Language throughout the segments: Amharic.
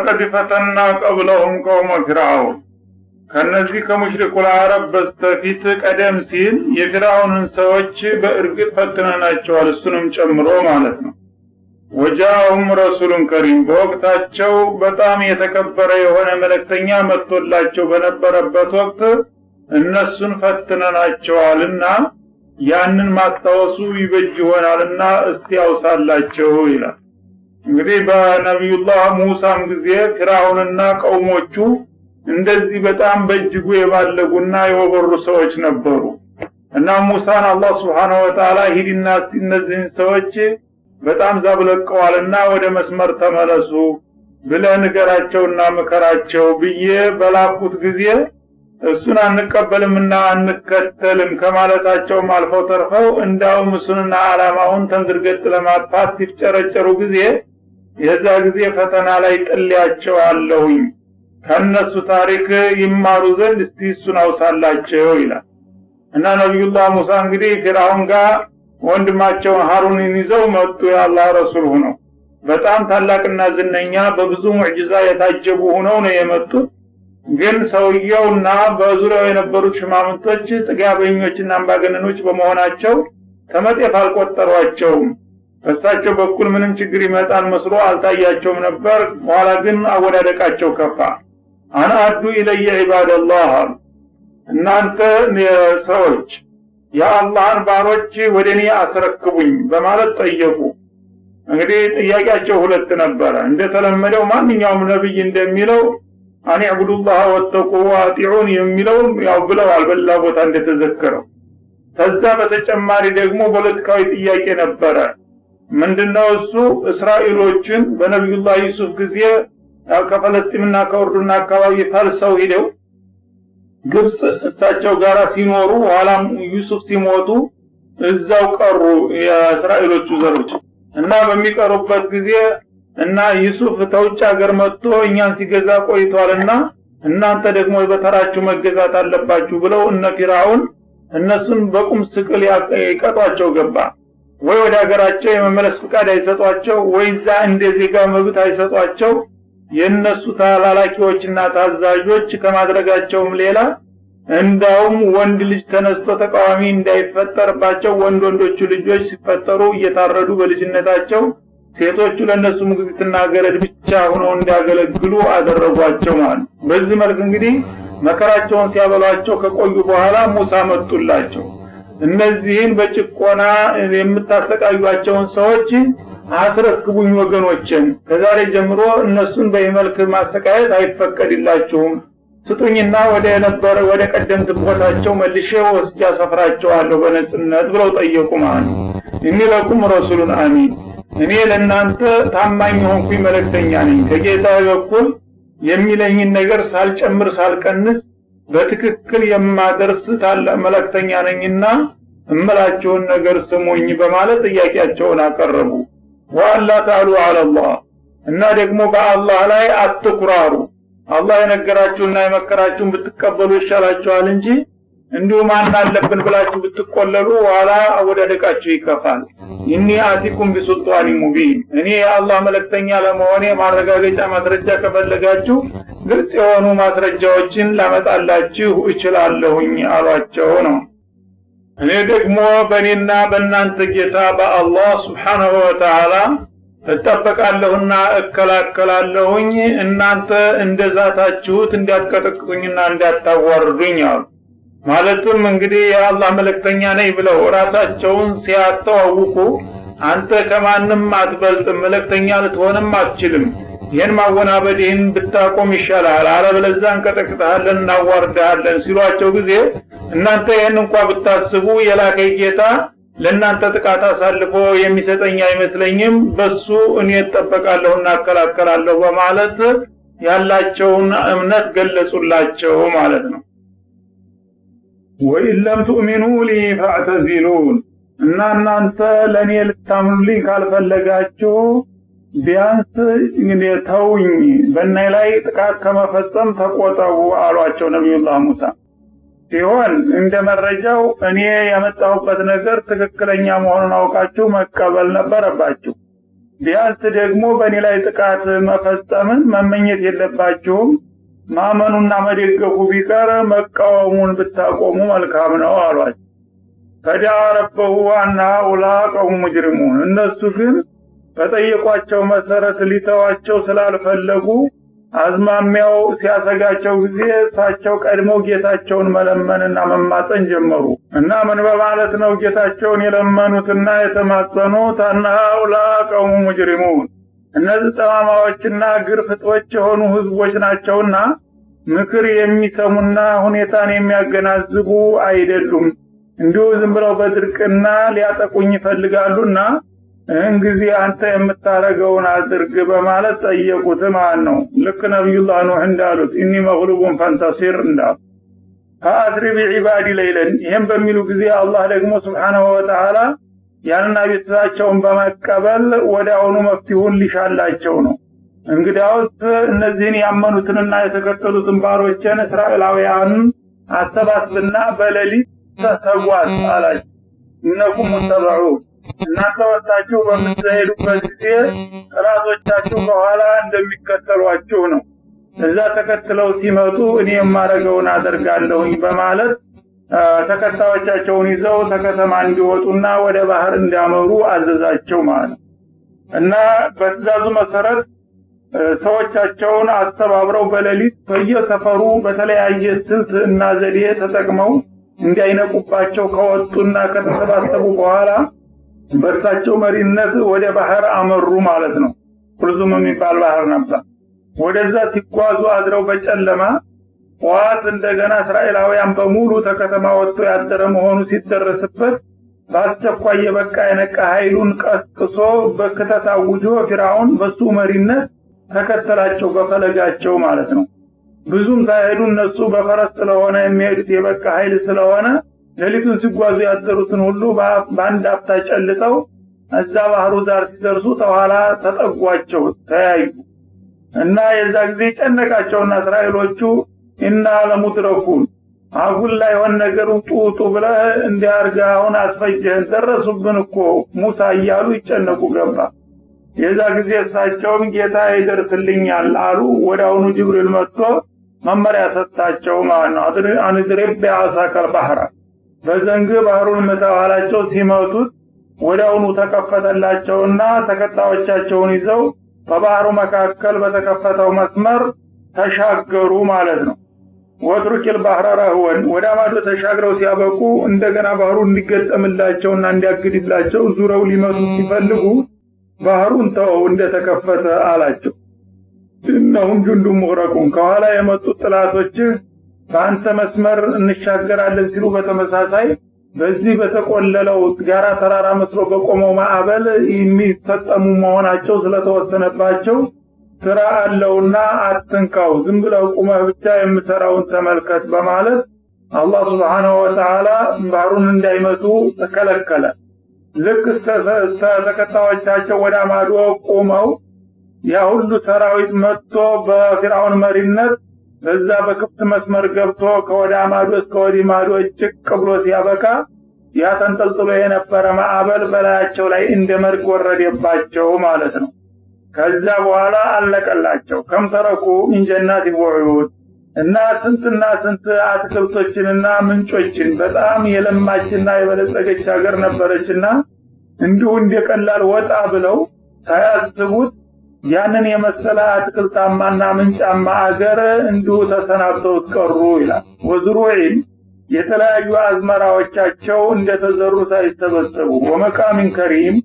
ወለቀድ ፈተና ቀብለሁም ቀውመ ፊርዓውን ከእነዚህ ከሙሽሪኩል አረብ በስተፊት ቀደም ሲል የፊርዓውንን ሰዎች በእርግጥ ፈትነናቸዋል፣ እሱንም ጨምሮ ማለት ነው። ወጃአሁም ረሱሉን ከሪም በወቅታቸው በጣም የተከበረ የሆነ መልእክተኛ መጥቶላቸው በነበረበት ወቅት እነሱን ፈትነናቸዋልና ያንን ማስታወሱ ይበጅ ይሆናልና እስቲ ያውሳላቸው ይላል። እንግዲህ በነቢዩላህ ሙሳም ጊዜ ፊራውንና ቀውሞቹ እንደዚህ በጣም በእጅጉ የባለጉና የወበሩ ሰዎች ነበሩ እና ሙሳን አላህ ስብሓን ወተላ ሂድና እነዚህን ሰዎች በጣም ዛብለቀዋልና ወደ መስመር ተመለሱ ብለ ንገራቸውና ምከራቸው ብዬ በላኩት ጊዜ እሱን አንቀበልምና አንከተልም ከማለታቸውም አልፈው ተርፈው እንዳውም እሱንና አላማውን ተንዝርገጥ ለማጥፋት ሲፍጨረጨሩ ጊዜ የዛ ጊዜ ፈተና ላይ አለሁኝ ከእነሱ ታሪክ ይማሩ ዘንድ እስቲ እሱን አውሳላቸው ይላል እና ነቢዩላህ ሙሳ እንግዲህ ፊርአውን ጋር ወንድማቸውን ሀሩንን ይዘው መጡ። የአላህ ረሱል ሁነው በጣም ታላቅና ዝነኛ በብዙ ሙዕጅዛ የታጀቡ ሁነው ነው የመጡት። ግን ሰውየውና በዙሪያው የነበሩት ሽማምንቶች ጥጋበኞችና አምባገነኖች በመሆናቸው ከመጤፍ አልቆጠሯቸውም። በእሳቸው በኩል ምንም ችግር ይመጣል መስሎ አልታያቸውም ነበር። በኋላ ግን አወዳደቃቸው ከፋ። አነ አዱ ኢለየ ዒባደላህ እናንተ ሰዎች የአላህን ባሮች ወደ እኔ አስረክቡኝ በማለት ጠየቁ። እንግዲህ ጥያቄያቸው ሁለት ነበረ። እንደተለመደው ማንኛውም ነቢይ እንደሚለው አን ዕቡዱላህ ወተቁ ዋጢዑን የሚለውን ያው ብለዋል በላ ቦታ እንደተዘከረው። ከዛ በተጨማሪ ደግሞ ፖለቲካዊ ጥያቄ ነበረ። ምንድነው እሱ? እስራኤሎችን በነቢዩላህ ዩሱፍ ጊዜ ከፈለስጢምና ከእርዱና አካባቢ ፈልሰው ሂደው ግብፅ እሳቸው ጋር ሲኖሩ ኋላም ዩሱፍ ሲሞቱ እዛው ቀሩ የእስራኤሎቹ ዘሮች እና በሚቀሩበት ጊዜ እና ይሱፍ ተውጭ ሀገር መጥቶ እኛን ሲገዛ ቆይቷልና እናንተ ደግሞ በተራችሁ መገዛት አለባችሁ ብለው እነ ፊራውን እነሱን በቁም ስቅል ይቀጧቸው ገባ። ወይ ወደ ሀገራቸው የመመለስ ፍቃድ አይሰጧቸው፣ ወይ እዛ እንደ ዜጋ መብት አይሰጧቸው። የእነሱ ታላላኪዎችና ታዛዦች ከማድረጋቸውም ሌላ እንዳውም ወንድ ልጅ ተነስቶ ተቃዋሚ እንዳይፈጠርባቸው ወንድ ወንዶቹ ልጆች ሲፈጠሩ እየታረዱ በልጅነታቸው ሴቶቹ ለእነሱ ምግብትና ገረድ ብቻ ሆነው እንዲያገለግሉ አደረጓቸው ማለት በዚህ መልክ እንግዲህ መከራቸውን ሲያበሏቸው ከቆዩ በኋላ ሙሳ መጡላቸው። እነዚህን በጭቆና የምታሰቃዩቸውን ሰዎች አስረክቡኝ ወገኖችን፣ ከዛሬ ጀምሮ እነሱን በዚህ መልክ ማሰቃየት አይፈቀድላችሁም፣ ስጡኝና ወደ ነበረ ወደ ቀደምት ቦታቸው መልሼ ወስጃ ሰፍራቸዋለሁ በነጽነት ብለው ጠየቁ ማለት ነው። ረሱሉን አሚን እኔ ለእናንተ ታማኝ የሆንኩኝ መልእክተኛ ነኝ። ከጌታዬ በኩል የሚለኝን ነገር ሳልጨምር ሳልቀንስ በትክክል የማደርስ ታላቅ መልእክተኛ ነኝና እምላችሁን ነገር ስሙኝ በማለት ጥያቄያቸውን አቀረቡ። ወአላ ታሉ አለላህ እና ደግሞ በአላህ ላይ አትኩራሩ። አላህ የነገራችሁና የመከራችሁን ብትቀበሉ ይሻላችኋል እንጂ እንዲሁ ማን አለብን ብላችሁ ብትቆለሉ ኋላ አወዳደቃችሁ ይከፋል። ኢኒ አቲኩም ቢሱልጣኒ ሙቢን፣ እኔ የአላህ መልእክተኛ ለመሆኔ ማረጋገጫ ማስረጃ ከፈለጋችሁ ግልጽ የሆኑ ማስረጃዎችን ላመጣላችሁ እችላለሁኝ አሏቸው ነው። እኔ ደግሞ በእኔና በእናንተ ጌታ በአላህ ስብሓንሁ ወተላ እጠበቃለሁና እከላከላለሁኝ እናንተ እንደ ዛታችሁት እንዳትቀጠቅጡኝና አሉ። ማለትም እንግዲህ የአላህ መልእክተኛ ነኝ ብለው ራሳቸውን ሲያተዋውቁ አንተ ከማንም አትበልጥም፣ መልእክተኛ ልትሆንም አትችልም፣ ይህን ይህን ብታቆም ይሻላል አለበለዛ እንቀጠቅጥሃለን፣ እናዋርድሃለን ሲሏቸው ጊዜ እናንተ ይህን እንኳ ብታስቡ የላከ ጌታ ለእናንተ ጥቃት አሳልፎ የሚሰጠኝ አይመስለኝም፣ በሱ እኔ እጠበቃለሁ፣ እናከላከላለሁ በማለት ያላቸውን እምነት ገለጹላቸው ማለት ነው። ወኢን ለም ትኡሚኑ ሊ ፈዕተዚሉን እና እናንተ ለእኔ ልታምኑልኝ ካልፈለጋችሁ ቢያንስ ተውኝ፣ በእናይ ላይ ጥቃት ከመፈጸም ተቆጠቡ አሏቸው ነቢዩላህ ሙሳ። ሲሆን እንደ መረጃው እኔ የመጣሁበት ነገር ትክክለኛ መሆኑን አውቃችሁ መቀበል ነበረባችሁ። ቢያንስ ደግሞ በእኔ ላይ ጥቃት መፈጸምን መመኘት የለባችሁም። ማመኑና መደገፉ ቢቀር መቃወሙን ብታቆሙ መልካም ነው አሏቸው። ፈዲያ ረበሁ ዋና ውላ ቀሙ ሙጅሪሙን እነሱ ግን በጠየቋቸው መሰረት ሊተዋቸው ስላልፈለጉ አዝማሚያው ሲያሰጋቸው ጊዜ እሳቸው ቀድመው ጌታቸውን መለመንና መማጠን ጀመሩ እና ምን በማለት ነው ጌታቸውን የለመኑትና የተማጸኑት? አነሃውላ ቀሙ ሙጅሪሙን እነዚህ ጠማማዎችና ግርፍጦች የሆኑ ህዝቦች ናቸውና ምክር የሚሰሙና ሁኔታን የሚያገናዝቡ አይደሉም። እንዲሁ ዝም ብለው በድርቅና ሊያጠቁኝ ይፈልጋሉና ይህን ጊዜ አንተ የምታረገውን አድርግ በማለት ጠየቁት ማለት ነው። ልክ ነቢዩላህ ኑህ እንዳሉት እኒ መግሉቡን ፈንተሲር እንዳሉ ፈአስሪ ቢዒባዲ ለይለን ይህም በሚሉ ጊዜ አላህ ደግሞ ስብሓነሁ ወተዓላ ያንና ቤተሰባቸውን በመቀበል ወደ አሁኑ መፍትሁን ሊሻላቸው ነው። እንግዲያውስ እነዚህን ያመኑትንና የተከተሉትን ባሮችን እስራኤላውያን አሰባስብና በሌሊት ተሰዋት አላቸው። እነኩም ሙተበዑ እናንተ ወታችሁ በምትሄዱበት ጊዜ ጥራቶቻችሁ በኋላ እንደሚከተሏችሁ ነው። እዛ ተከትለው ሲመጡ እኔ የማረገውን አደርጋለሁኝ በማለት ተከታዮቻቸውን ይዘው ተከተማ እንዲወጡና ወደ ባህር እንዲያመሩ አዘዛቸው ማለት ነው እና በትእዛዙ መሰረት ሰዎቻቸውን አስተባብረው በሌሊት በየሰፈሩ በተለያየ ስልት እና ዘዴ ተጠቅመው እንዲያይነቁባቸው ከወጡና ከተሰባሰቡ በኋላ በእርሳቸው መሪነት ወደ ባህር አመሩ ማለት ነው። ኩልዙም የሚባል ባህር ነበር። ወደዛ ሲጓዙ አድረው በጨለማ ጠዋት እንደገና እስራኤላውያን በሙሉ ተከተማ ወጥቶ ያደረ መሆኑ ሲደረስበት በአስቸኳይ የበቃ የነቃ ኃይሉን ቀስቅሶ በክተት አውጆ ፊራውን በሱ መሪነት ተከተላቸው በፈለጋቸው ማለት ነው። ብዙም ሳይሄዱ እነሱ በፈረስ ስለሆነ የሚሄዱት የበቃ ኃይል ስለሆነ ሌሊቱን ሲጓዙ ያደሩትን ሁሉ በአንድ አፍታ ጨልጠው እዛ ባህሩ ዳር ሲደርሱ ተኋላ ተጠጓቸው፣ ተያዩ እና የዛ ጊዜ ጨነቃቸውና እስራኤሎቹ እና ለሙድረኩን አጉል ላይ የሆን ነገር ጡጡ ብለህ እንዲያርጋ አሁን አስፈጀህን ደረሱብን እኮ ሙሳ እያሉ ይጨነቁ ገባ። የዛ ጊዜ እሳቸውም ጌታ ይደርስልኛል አሉ። ወደ አሁኑ ጅብሪል መጥቶ መመሪያ ሰጣቸው ማለት ነው። አንድሬብ ቢዓሳከል ባህራ በዘንግ ባህሩን መተባላቸው ሲመቱት ወዳውኑ ተከፈተላቸውና ተከታዮቻቸውን ይዘው በባህሩ መካከል በተከፈተው መስመር ተሻገሩ ማለት ነው። ወትሩቂል ባህረ ረህወን ወደ ማዶ ተሻግረው ሲያበቁ እንደገና ባህሩ እንዲገጠምላቸውና እንዲያግድላቸው ዙረው ሊመቱ ሲፈልጉ ባህሩን ተወው እንደተከፈተ አላቸው። እነሁም ጁንዱ ሙግረቁን ከኋላ የመጡት ጥላቶችህ በአንተ መስመር እንሻገራለን ሲሉ በተመሳሳይ በዚህ በተቆለለው ጋራ ተራራ መስሎ በቆመው ማዕበል የሚፈጠሙ መሆናቸው ስለተወሰነባቸው ስራ አለውና አትንካው፣ ዝም ብለው ቁመህ ብቻ የምሰራውን ተመልከት በማለት አላህ ስብሓንሁ ወተዓላ ባህሩን እንዳይመቱ ተከለከለ። ልክ ተከታዮቻቸው ወደ ማዶ ቆመው ያ ሁሉ ሰራዊት መጥቶ በፊርዓውን መሪነት በዛ በክፍት መስመር ገብቶ ከወደ ማዶ እስከ ወዲህ ማዶ ጭቅ ብሎ ሲያበቃ ያ ተንጠልጥሎ የነበረ ማዕበል በላያቸው ላይ እንደ መርግ ወረደባቸው ማለት ነው። ከዛ በኋላ አለቀላቸው ከምተረኩ ሚንጀናት ይወዩት እና ስንትና ስንት አትክልቶችንና ምንጮችን በጣም የለማችና የበለጸገች ሀገር ነበረችና እንዲሁ እንደቀላል ወጣ ብለው ሳያስቡት ያንን የመሰለ አትክልታማና ምንጫማ አገር እንዲሁ ተሰናብተው ቀሩ ይላል። ወዝሩዒን የተለያዩ አዝመራዎቻቸው እንደተዘሩ ሳይሰበሰቡ ወመቃሚን ከሪም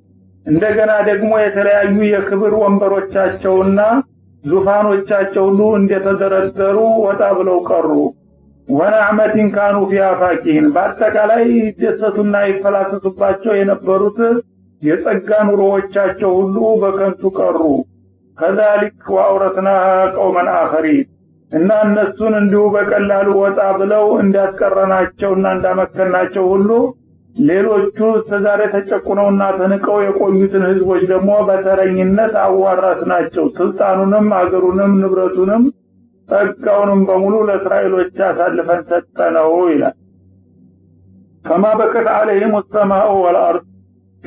እንደገና ደግሞ የተለያዩ የክብር ወንበሮቻቸውና ዙፋኖቻቸው ሁሉ እንደተዘረዘሩ ወጣ ብለው ቀሩ። ወነዕመቲን ካኑ ፊሃ ፋኪህን በአጠቃላይ ይደሰቱና ይፈላሰሱባቸው የነበሩት የጸጋ ኑሮዎቻቸው ሁሉ በከንቱ ቀሩ። ከዛሊክ ዋአውረትና ቀውመን አኸሪ እና እነሱን እንዲሁ በቀላሉ ወጣ ብለው እንዳስቀረናቸውና እንዳመከናቸው ሁሉ ሌሎቹ እስከዛሬ ተጨቁነውና ተንቀው የቆዩትን ህዝቦች ደግሞ በተረኝነት አዋራት ናቸው። ስልጣኑንም አገሩንም ንብረቱንም ጠቃውንም በሙሉ ለእስራኤሎች አሳልፈን ሰጠነው ይላል። ከማ በከት አለይም ሰማኡ ወልአርድ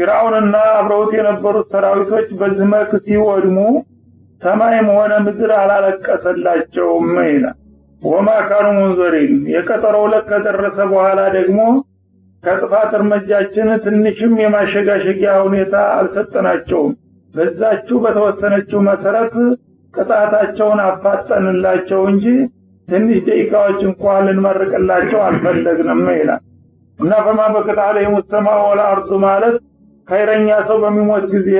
ፊርዓውንና አብረውት የነበሩት ሰራዊቶች በዝመክ ሲወድሙ ሰማይም ሆነ ምድር አላለቀሰላቸውም ይላል። ወማ ካኑ ሙንዘሪን የቀጠሮ ለት ከደረሰ በኋላ ደግሞ ከጥፋት እርምጃችን ትንሽም የማሸጋሸጊያ ሁኔታ አልሰጠናቸውም። በዛችሁ በተወሰነችው መሰረት ቅጣታቸውን አፋጠንላቸው እንጂ ትንሽ ደቂቃዎች እንኳ ልንመርቅላቸው አልፈለግንም ይላል እና ፈማ በቅጣ ላይ ሙስተማ ወለአርዱ ማለት ኸይረኛ ሰው በሚሞት ጊዜ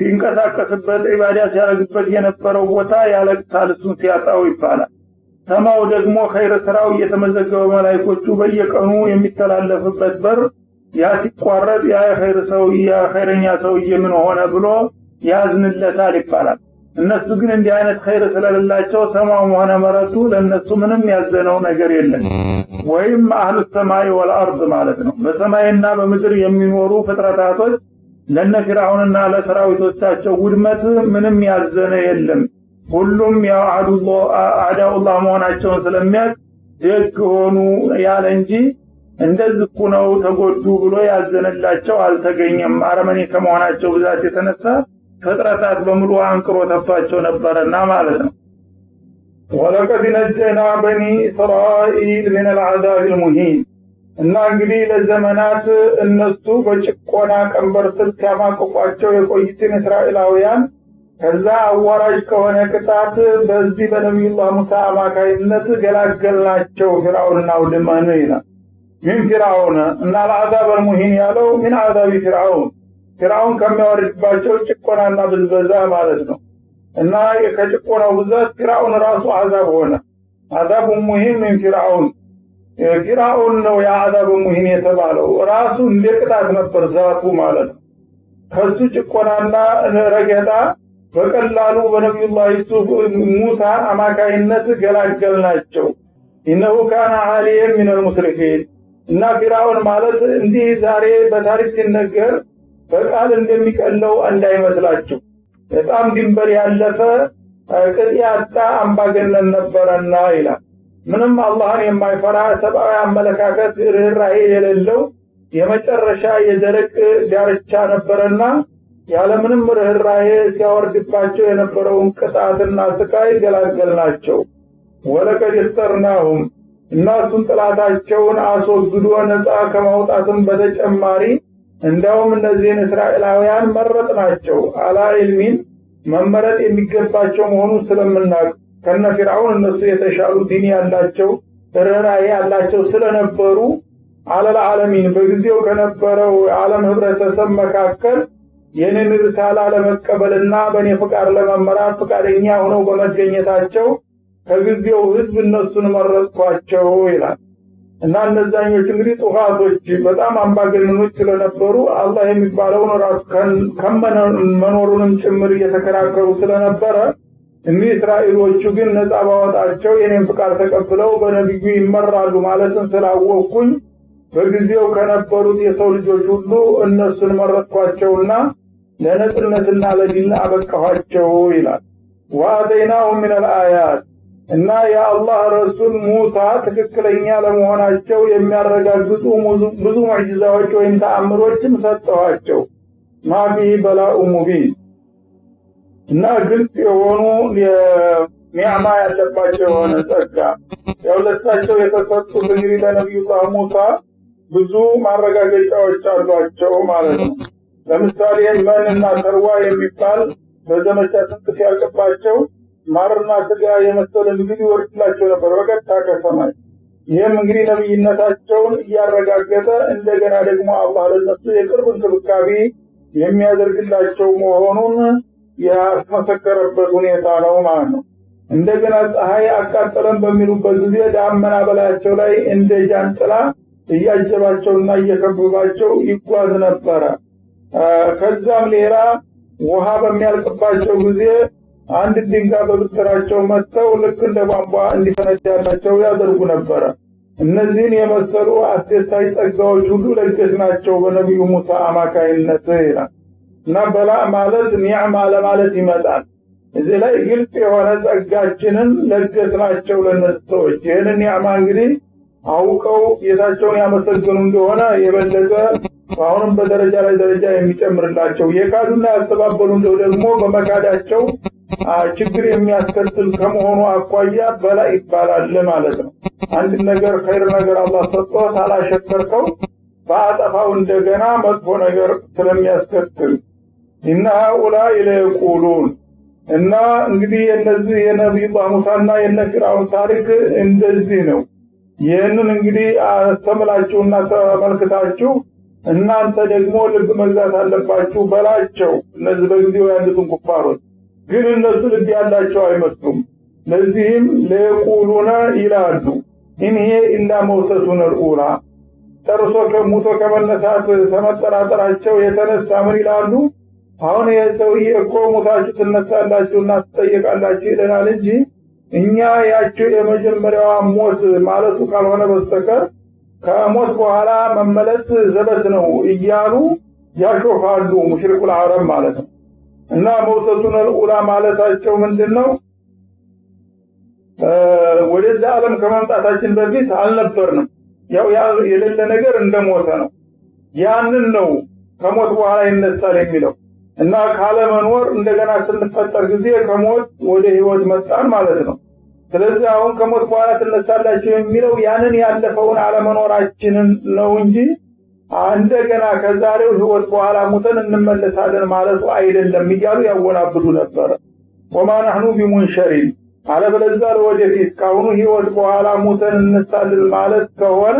ሲንቀሳቀስበት ዒባዳ ሲያደርግበት የነበረው ቦታ ያለቅሳል፣ እሱን ሲያጣው ይባላል። ተማው ደግሞ ኸይረ ስራው እየተመዘገበ መላይኮቹ በየቀኑ የሚተላለፍበት በር ያ ሲቋረጥ ያ ኸይር ሰው ያ ኸይረኛ ሰውዬ ምን ሆነ ብሎ ያዝንለታል ይባላል። እነሱ ግን እንዲህ አይነት ኸይር ስለሌላቸው ሰማውም ሆነ መረቱ ለእነሱ ምንም ያዘነው ነገር የለም። ወይም አህሉ ሰማይ ወልአርድ ማለት ነው። በሰማይና በምድር የሚኖሩ ፍጥረታቶች ለነ ፊርዓውንና ለሰራዊቶቻቸው ውድመት ምንም ያዘነ የለም። ሁሉም ያው አዳውላ መሆናቸውን ስለሚያቅ ደግ ሆኑ ያለ እንጂ እንደዚህ ነው ተጎዱ ብሎ ያዘነላቸው አልተገኘም። አረመኔ ከመሆናቸው ብዛት የተነሳ ፍጥረታት በሙሉ አንቅሮ ተፍቷቸው ነበረና ማለት ነው። ወለቀድ ነጀና በኒ እስራኤል ምን ልዓዛብ ልሙሂን እና እንግዲህ ለዘመናት እነሱ በጭቆና ቀንበር ስልት ያማቅቋቸው የቆይትን እስራኤላውያን ከዛ አዋራጅ ከሆነ ቅጣት በዚህ በነቢዩላህ ሙሳ አማካይነት ገላገልናቸው ፊርአውንና ውድማን ይላል። ምን ፊርአውን እና ለአዛብ አልሙሂን ያለው ምን አዛቢ ፊርአውን ፊርአውን ከሚያወርድባቸው ጭቆናና ብዝበዛ ማለት ነው። እና ከጭቆናው ብዛት ፊርአውን ራሱ አዛብ ሆነ። አዛቡ ሙሂን ምን ፊርአውን ፊርአውን ነው የአዛብ ሙሂን የተባለው ራሱ እንደ ቅጣት ነበር ዛቱ ማለት ነው። ከሱ ጭቆናና ረገጣ በቀላሉ በነቢዩላህ ዩሱፍ ሙሳ አማካይነት ገላገል ናቸው። ኢነሁ ካነ አሊየን ሚነል ሙስሪፊን እና ፊራውን ማለት እንዲህ ዛሬ በታሪክ ሲነገር በቃል እንደሚቀለው እንዳይመስላችሁ በጣም ድንበር ያለፈ ቅጥ ያጣ አምባገነን ነበረና ይላል። ምንም አላህን የማይፈራ ሰብአዊ አመለካከት፣ ርኅራሄ የሌለው የመጨረሻ የዘረቅ ዳርቻ ነበረና ያለምንም ርኅራሄ ሲያወርድባቸው የነበረውን ቅጣትና ስቃይ ገላገልናቸው። ወለቀድ የስጠርናሁም እናሱን ጥላታቸውን አስወግዶ ነፃ ከማውጣትም በተጨማሪ እንዳውም እነዚህን እስራኤላውያን መረጥ ናቸው አላ መመረጥ የሚገባቸው መሆኑን ስለምናቅ ከነ ፊርዓውን እነሱ የተሻሉ ዲን ያላቸው ርኅራሄ ያላቸው ስለነበሩ አለል ዓለሚን በጊዜው ከነበረው የዓለም ህብረተሰብ መካከል የእኔን ርሳላ ለመቀበልና በእኔ ፍቃድ ለመመራት ፍቃደኛ ሆነው በመገኘታቸው ከጊዜው ህዝብ እነሱን መረጥኳቸው ይላል እና እነዛኞች እንግዲህ ጥፋቶች በጣም አምባገነኖች ስለነበሩ አላህ የሚባለውን ራሱ ከመኖሩንም ጭምር እየተከራከሩ ስለነበረ እንግዲህ እስራኤሎቹ ግን ነፃ ባወጣቸው የኔን ፍቃድ ተቀብለው በነቢዩ ይመራሉ ማለትን ስላወቅኩኝ በጊዜው ከነበሩት የሰው ልጆች ሁሉ እነሱን መረጥኳቸውና ለነጽነትና ለዲን አበቃኋቸው ይላል። ወአተይናሁ ሚነል አያት እና የአላህ ረሱል ሙሳ ትክክለኛ ለመሆናቸው የሚያረጋግጡ ብዙ ሙዕጅዛዎች ወይም ተአምሮችም ሰጠኋቸው። ማፊ በላኡ ሙቢን እና ግልጽ የሆኑ ኒዕማ ያለባቸው የሆነ ጸጋ የሁለታቸው የተሰጡ እንግዲህ ለነቢዩላህ ሙሳ ብዙ ማረጋገጫዎች አሏቸው ማለት ነው። ለምሳሌ መንና ተርዋ የሚባል በዘመቻ ስንት ሲያልቅባቸው ማርና ስጋ የመሰለ ምግብ ይወርድላቸው ነበር በቀጥታ ከሰማይ። ይህም እንግዲህ ነቢይነታቸውን እያረጋገጠ እንደገና ደግሞ አላህ ለነሱ የቅርብ እንክብካቤ የሚያደርግላቸው መሆኑን ያስመሰከረበት ሁኔታ ነው ማለት ነው። እንደገና ፀሐይ አቃጠለን በሚሉበት ጊዜ ዳመና በላያቸው ላይ እንደ ጃንጥላ እያጀባቸውና እየከበባቸው ይጓዝ ነበረ። ከዛም ሌላ ውሃ በሚያልቅባቸው ጊዜ አንድ ድንጋይ በብትራቸው መጥተው ልክ እንደ ቧንቧ እንዲፈነዳላቸው ያደርጉ ነበረ። እነዚህን የመሰሉ አስደሳች ጸጋዎች ሁሉ ናቸው በነቢዩ ሙሳ አማካይነት ይላል እና በላ ማለት ኒዕማ ለማለት ይመጣል። እዚህ ላይ ግልጽ የሆነ ጸጋችንን ናቸው ለነሱ ሰዎች ይህንን ኒዕማ እንግዲህ አውቀው ጌታቸውን ያመሰግኑ እንደሆነ የበለጠ አሁንም በደረጃ ላይ ደረጃ የሚጨምርላቸው የካዱና ያስተባበሉ እንደው ደግሞ በመካዳቸው ችግር የሚያስከትል ከመሆኑ አኳያ በላይ ይባላል ማለት ነው። አንድ ነገር ኸይር ነገር አላህ ሰጥቶ ሳላሸከርከው በአጠፋው እንደገና መጥፎ ነገር ስለሚያስከትል እና ሀኡላ ለየቁሉን እና እንግዲህ የነዚህ የነቢዩላህ ሙሳና የነ ፊርዓውን ታሪክ እንደዚህ ነው። ይህንን እንግዲህ አስተምላችሁና ተመልክታችሁ እናንተ ደግሞ ልብ መግዛት አለባችሁ በላቸው። እነዚህ በጊዜው ያሉትን ኩፋሮች ግን እነሱ ልብ ያላቸው አይመስሉም። ለዚህም ለየቁሉነ ይላሉ ኢንሄ ኢላ መውተቱን ልኡላ ጠርሶ ከሙቶ ከመነሳት ተመጠራጠራቸው የተነሳ ምን ይላሉ? አሁን ይህ ሰውዬ እኮ ሙታችሁ ትነሳላችሁና ትጠየቃላችሁ ይለናል እንጂ እኛ ያቸው የመጀመሪያዋ ሞት ማለቱ ካልሆነ በስተቀር ከሞት በኋላ መመለስ ዘበት ነው እያሉ ያሾፋሉ። ሙሽሪኩል አረብ ማለት ነው። እና መውተቱን ልዑላ ማለታቸው ምንድን ነው? ወደዚህ ዓለም ከመምጣታችን በፊት አልነበርንም። ያው የሌለ ነገር እንደሞተ ነው። ያንን ነው ከሞት በኋላ ይነሳል የሚለው እና ካለመኖር እንደገና ስንፈጠር ጊዜ ከሞት ወደ ህይወት መጣን ማለት ነው። ስለዚህ አሁን ከሞት በኋላ ትነሳላችሁ የሚለው ያንን ያለፈውን አለመኖራችንን ነው እንጂ እንደገና ከዛሬው ህይወት በኋላ ሙተን እንመለሳለን ማለቱ አይደለም እያሉ ያወናብዱ ነበረ። ወማ ናህኑ ቢሙንሸሪን አለበለዛ ለወደፊት ካሁኑ ህይወት በኋላ ሙተን እንነሳለን ማለት ከሆነ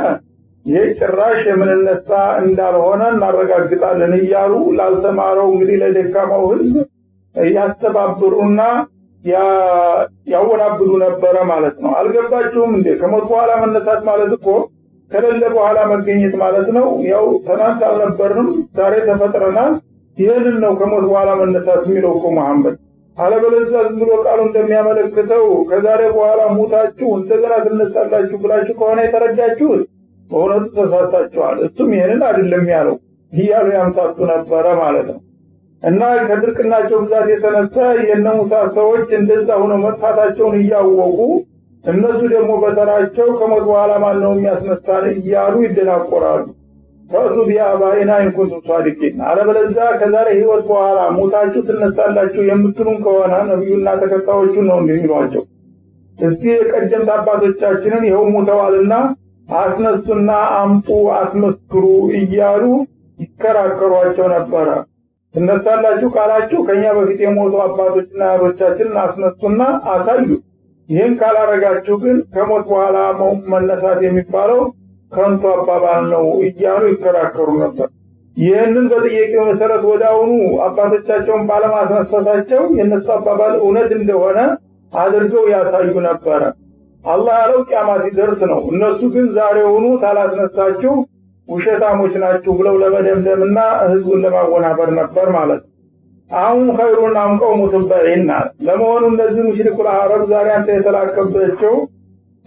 ይህ ጭራሽ የምንነሳ እንዳልሆነ እናረጋግጣለን እያሉ ላልተማረው እንግዲህ ለደካማው ህዝብ ያስተባብሩና ያወናብዱ ነበረ ማለት ነው። አልገባችሁም እንዴ? ከሞት በኋላ መነሳት ማለት እኮ ከሌለ በኋላ መገኘት ማለት ነው። ያው ትናንት አልነበርንም፣ ዛሬ ተፈጥረናል። ይህንን ነው ከሞት በኋላ መነሳት የሚለው እኮ መሐመድ። አለበለዚያ ዝም ብሎ ቃሉ እንደሚያመለክተው ከዛሬ በኋላ ሙታችሁ እንደገና ትነሳላችሁ ብላችሁ ከሆነ የተረዳችሁት በእውነቱ ተሳሳችኋል። እሱም ይህንን አይደለም ያለው እያሉ ያምታቱ ነበረ ማለት ነው። እና ከድርቅናቸው ብዛት የተነሳ የነ ሙሳ ሰዎች እንደዛ ሆኖ መጥፋታቸውን እያወቁ እነሱ ደግሞ በተራቸው ከሞት በኋላ ማን ነው የሚያስነሳን እያሉ ይደናቆራሉ። ፈእቱ ቢአባኢና ኢን ኩንቱም ሷዲቂን። አለበለዚያ ከዛሬ ህይወት በኋላ ሙታችሁ ትነሳላችሁ የምትሉን ከሆነ ነቢዩና ተከታዮቹ ነው እንደሚሏቸው። እስቲ የቀደምት አባቶቻችንን ይኸው ሙተዋልና አስነሱና አምጡ አስመስክሩ እያሉ ይከራከሯቸው ነበረ። ትነሳላችሁ ካላችሁ ከእኛ በፊት የሞቱ አባቶችና አያቶቻችንን አስነሱና አሳዩ። ይህን ካላረጋችሁ ግን ከሞት በኋላ መነሳት የሚባለው ከንቱ አባባል ነው እያሉ ይከራከሩ ነበር። ይህንን በጥያቄ መሰረት ወደ አሁኑ አባቶቻቸውን ባለማስነሳታቸው የእነሱ አባባል እውነት እንደሆነ አድርገው ያሳዩ ነበረ። አላህ ያለው ቅያማ ሲደርስ ነው። እነሱ ግን ዛሬውኑ ታላስነሳችሁ ውሸታሞች ናችሁ ብለው ለመደምደምና ህዝቡን ለማወናበር ነበር ማለት ነው። አሁን ኸይሩን አምቀው ሙትበዒና ለመሆኑ እነዚህ ሙሽሪኩል አረብ ዛሬ አንተ የተላከባቸው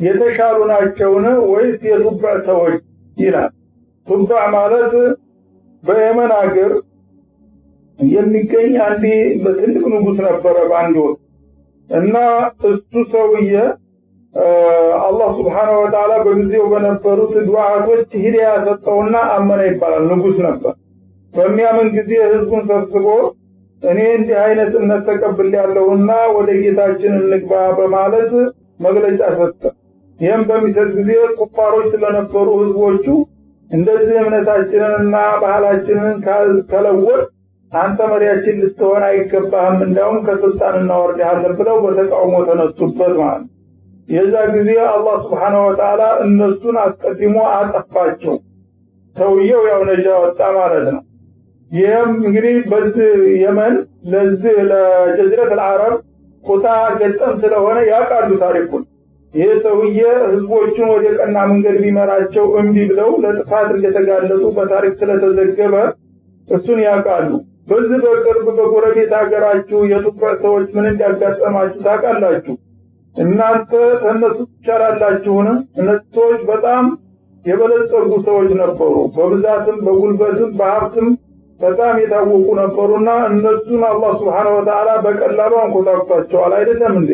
የተሻሉ ናቸውን ወይስ የቱባዕ ሰዎች ይላል። ቱባዕ ማለት በየመን አገር የሚገኝ አንድ ትልቅ ንጉሥ ነበረ በአንድ ወቅት እና እሱ ሰውዬ አላህ ስብሓነ ወተዓላ በጊዜው በነበሩት ዱዓቶች ሂዳያ ሰጠውና አመነ ይባላል። ንጉስ ነበር። በሚያምን ጊዜ ህዝቡን ሰብስቦ እኔ እንዲህ አይነት እምነት ያለውና ወደ ጌታችን እንግባ በማለት መግለጫ ሰጠ። ይህም በሚሰጥ ጊዜ ኩፋሮች ስለነበሩ ህዝቦቹ እንደዚህ እምነታችንንና ባህላችንን ከለወጥ አንተ መሪያችን ልትሆን አይገባህም፣ እንዲያውም ከስልጣን እናወርድሃለን ብለው በተቃውሞ ተነሱበት ማለት ነው። የዛ ጊዜ አላህ ስብሓነሁ ወተዓላ እነሱን አስቀድሞ አጠፋቸው። ሰውየው ያው ነጃ ወጣ ማለት ነው። ይህም እንግዲህ በዚህ የመን ለዚህ ለጀዝረት አልዓረብ ቁጣ ገጠም ስለሆነ ያውቃሉ ታሪኩን። ይህ ሰውዬ ህዝቦቹን ወደ ቀና መንገድ ቢመራቸው እምቢ ብለው ለጥፋት እንደተጋለጡ በታሪክ ስለተዘገበ እሱን ያውቃሉ። በዚህ በቅርብ በጎረቤት ሀገራችሁ የቱባ ሰዎች ምን እንዳጋጠማችሁ ታውቃላችሁ። እናንተ ከእነሱ ትሻላላችሁን? እነዚህ ሰዎች በጣም የበለጸጉ ሰዎች ነበሩ። በብዛትም በጉልበትም በሀብትም በጣም የታወቁ ነበሩና እነሱን አላህ ስብሓነ ወተዓላ በቀላሉ አንኮታኩቷቸዋል። አይደለም እንዴ?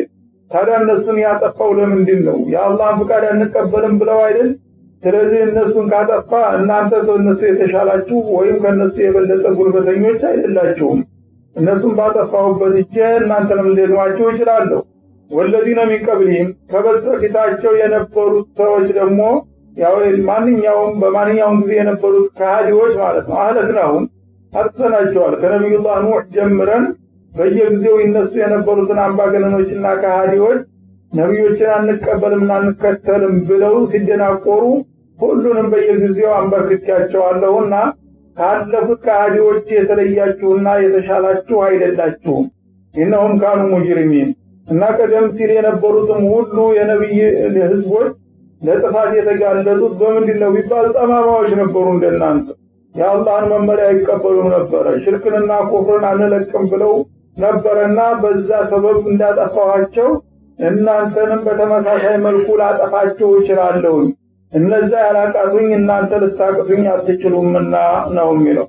ታዲያ እነሱን ያጠፋው ለምንድን ነው? የአላህን ፍቃድ አንቀበልም ብለው አይደል? ስለዚህ እነሱን ካጠፋ እናንተ ከእነሱ የተሻላችሁ ወይም ከእነሱ የበለጠ ጉልበተኞች አይደላችሁም። እነሱን ባጠፋሁበት እጄ እናንተንም ልደግማችሁ እችላለሁ። ወለዚነ ሚን ቀብሊህም ከበስተፊታቸው የነበሩት ሰዎች ደግሞ ያው ማንኛውም በማንኛውም ጊዜ የነበሩት ከሃዲዎች ማለት ነው አህለክናሁም አጥተናቸዋል ከነቢዩላህ ኑሕ ጀምረን በየጊዜው ይነሱ የነበሩትን አምባገነኖችና ከሃዲዎች ነቢዮችን አንቀበልምና አንከተልም ብለው ሲደናቆሩ ሁሉንም በየጊዜው አንበርክቻቸዋለሁና ካለፉት ከሃዲዎች የተለያችሁና የተሻላችሁ አይደላችሁም ኢነሁም ካኑ ሙጅሪሚን እና ቀደም ሲል የነበሩትም ሁሉ የነቢይ ህዝቦች ለጥፋት የተጋለጡት በምንድን ነው ቢባል ጠማማዎች ነበሩ እንደናንተ የአላህን መመሪያ ይቀበሉ ነበረ ሽርክንና ኩፍርን አንለቅም ብለው ነበረና በዛ ሰበብ እንዳጠፋኋቸው እናንተንም በተመሳሳይ መልኩ ላጠፋችሁ እችላለሁኝ እነዛ ያላቃቱኝ እናንተ ልታቅቱኝ አትችሉምና ነው የሚለው